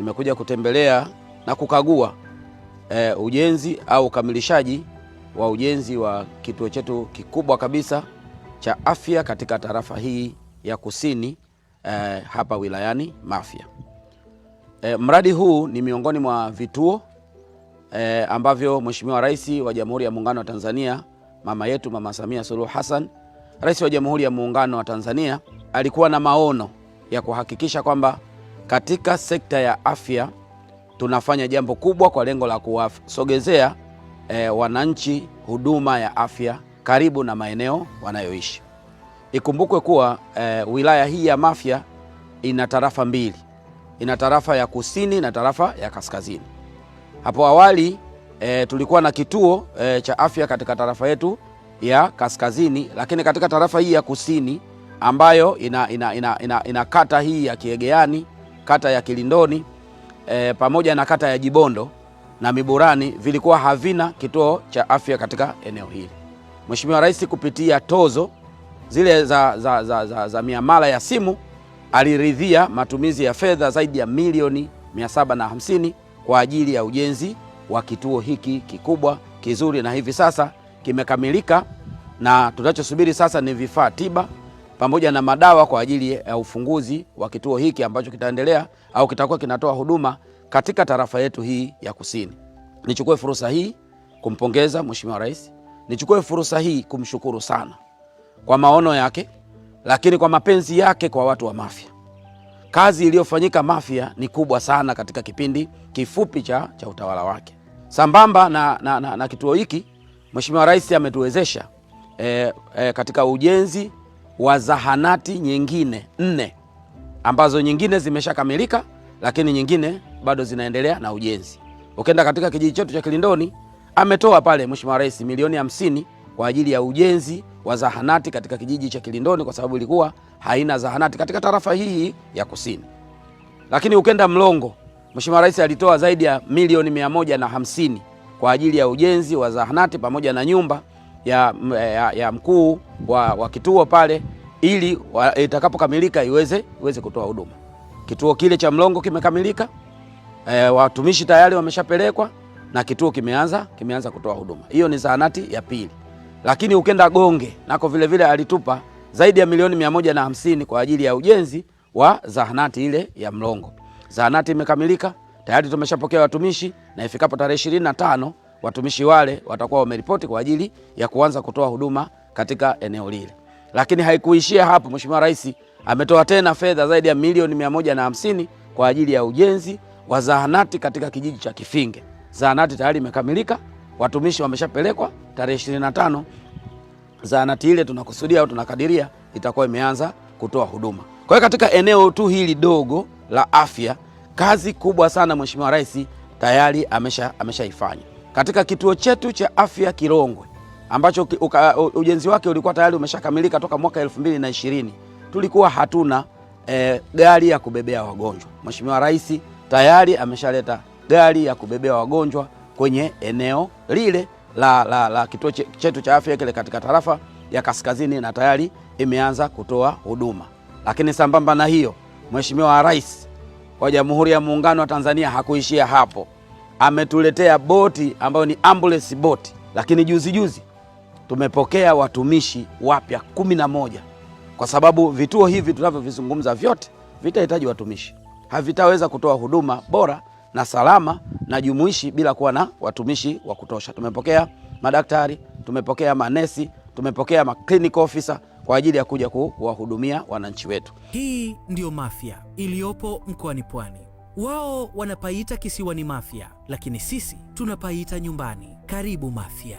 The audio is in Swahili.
nimekuja kutembelea na kukagua e, ujenzi au ukamilishaji wa ujenzi wa kituo chetu kikubwa kabisa cha afya katika tarafa hii ya Kusini e, hapa wilayani Mafia. E, mradi huu ni miongoni mwa vituo e, ambavyo Mheshimiwa Rais wa Jamhuri ya Muungano wa Tanzania mama yetu Mama Samia Suluhu Hassan, Rais wa Jamhuri ya Muungano wa Tanzania alikuwa na maono ya kuhakikisha kwamba katika sekta ya afya tunafanya jambo kubwa kwa lengo la kuwasogezea e, wananchi huduma ya afya karibu na maeneo wanayoishi. Ikumbukwe kuwa e, wilaya hii ya Mafia ina tarafa mbili, ina tarafa ya kusini na tarafa ya kaskazini. Hapo awali e, tulikuwa na kituo e, cha afya katika tarafa yetu ya kaskazini, lakini katika tarafa hii ya kusini ambayo ina, ina, ina, ina, ina kata hii ya Kiegeani kata ya Kilindoni e, pamoja na kata ya Jibondo na Miburani vilikuwa havina kituo cha afya katika eneo hili. Mheshimiwa Rais kupitia tozo zile za, za, za, za, za miamala ya simu aliridhia matumizi ya fedha zaidi ya milioni 750 kwa ajili ya ujenzi wa kituo hiki kikubwa kizuri, na hivi sasa kimekamilika, na tunachosubiri sasa ni vifaa tiba pamoja na madawa kwa ajili ya ufunguzi wa kituo hiki ambacho kitaendelea au kitakuwa kinatoa huduma katika tarafa yetu hii ya Kusini. Nichukue fursa hii kumpongeza Mheshimiwa Rais, nichukue fursa hii kumshukuru sana kwa maono yake, lakini kwa mapenzi yake kwa watu wa Mafia. Kazi iliyofanyika Mafia ni kubwa sana katika kipindi kifupi cha, cha utawala wake. Sambamba na, na, na, na kituo hiki Mheshimiwa Rais ametuwezesha e, e, katika ujenzi wa zahanati nyingine nne ambazo nyingine zimeshakamilika, lakini nyingine bado zinaendelea na ujenzi. Ukenda katika kijiji chetu cha Kilindoni, ametoa pale Mheshimiwa Rais milioni hamsini kwa ajili ya ujenzi wa zahanati katika kijiji cha Kilindoni kwa sababu ilikuwa haina zahanati katika tarafa hii ya Kusini. Lakini ukenda Mlongo, Mheshimiwa Rais alitoa zaidi ya milioni mia moja na hamsini kwa ajili ya ujenzi wa zahanati pamoja na nyumba ya, ya, ya mkuu wa, wa kituo pale ili itakapokamilika iweze iweze kutoa huduma. Kituo kile cha Mlongo kimekamilika, e, watumishi tayari wameshapelekwa na kituo kimeanza kimeanza kutoa huduma. Hiyo ni zahanati ya pili, lakini ukenda Gonge nako vilevile alitupa zaidi ya milioni mia moja na hamsini kwa ajili ya ujenzi wa zahanati ile ya Mlongo. Zahanati imekamilika tayari, tumeshapokea watumishi na ifikapo tarehe ishirini na tano watumishi wale watakuwa wameripoti kwa ajili ya kuanza kutoa huduma katika eneo lile. Lakini haikuishia hapo, Mheshimiwa Rais ametoa tena fedha zaidi ya milioni mia moja na hamsini kwa ajili ya ujenzi wa zahanati katika kijiji cha Kifinge. Zahanati tayari imekamilika, watumishi wameshapelekwa. Tarehe 25 zahanati ile tunakusudia au tunakadiria itakuwa imeanza kutoa huduma. Kwa hiyo katika eneo tu hili dogo la afya, kazi kubwa sana Mheshimiwa Rais tayari amesha ameshaifanya katika kituo chetu cha afya Kirongwe ambacho uka, ujenzi wake ulikuwa tayari umeshakamilika toka mwaka 2020 tulikuwa hatuna e, gari ya kubebea wagonjwa. Mheshimiwa Rais tayari ameshaleta gari ya kubebea wagonjwa kwenye eneo lile la, la, la kituo chetu cha afya kile katika tarafa ya Kaskazini na tayari imeanza kutoa huduma. Lakini sambamba na hiyo, Mheshimiwa Rais wa Jamhuri ya Muungano wa Tanzania hakuishia hapo ametuletea boti ambayo ni ambulance boti, lakini juzi juzi tumepokea watumishi wapya kumi na moja kwa sababu vituo hivi tunavyovizungumza vyote vitahitaji watumishi, havitaweza kutoa huduma bora na salama na jumuishi bila kuwa na watumishi wa kutosha. Tumepokea madaktari, tumepokea manesi, tumepokea maclinic officer kwa ajili ya kuja kuwahudumia wananchi wetu. Hii ndiyo Mafia iliyopo mkoani Pwani. Wao wanapaita kisiwani Mafia, lakini sisi tunapaita nyumbani. Karibu Mafia.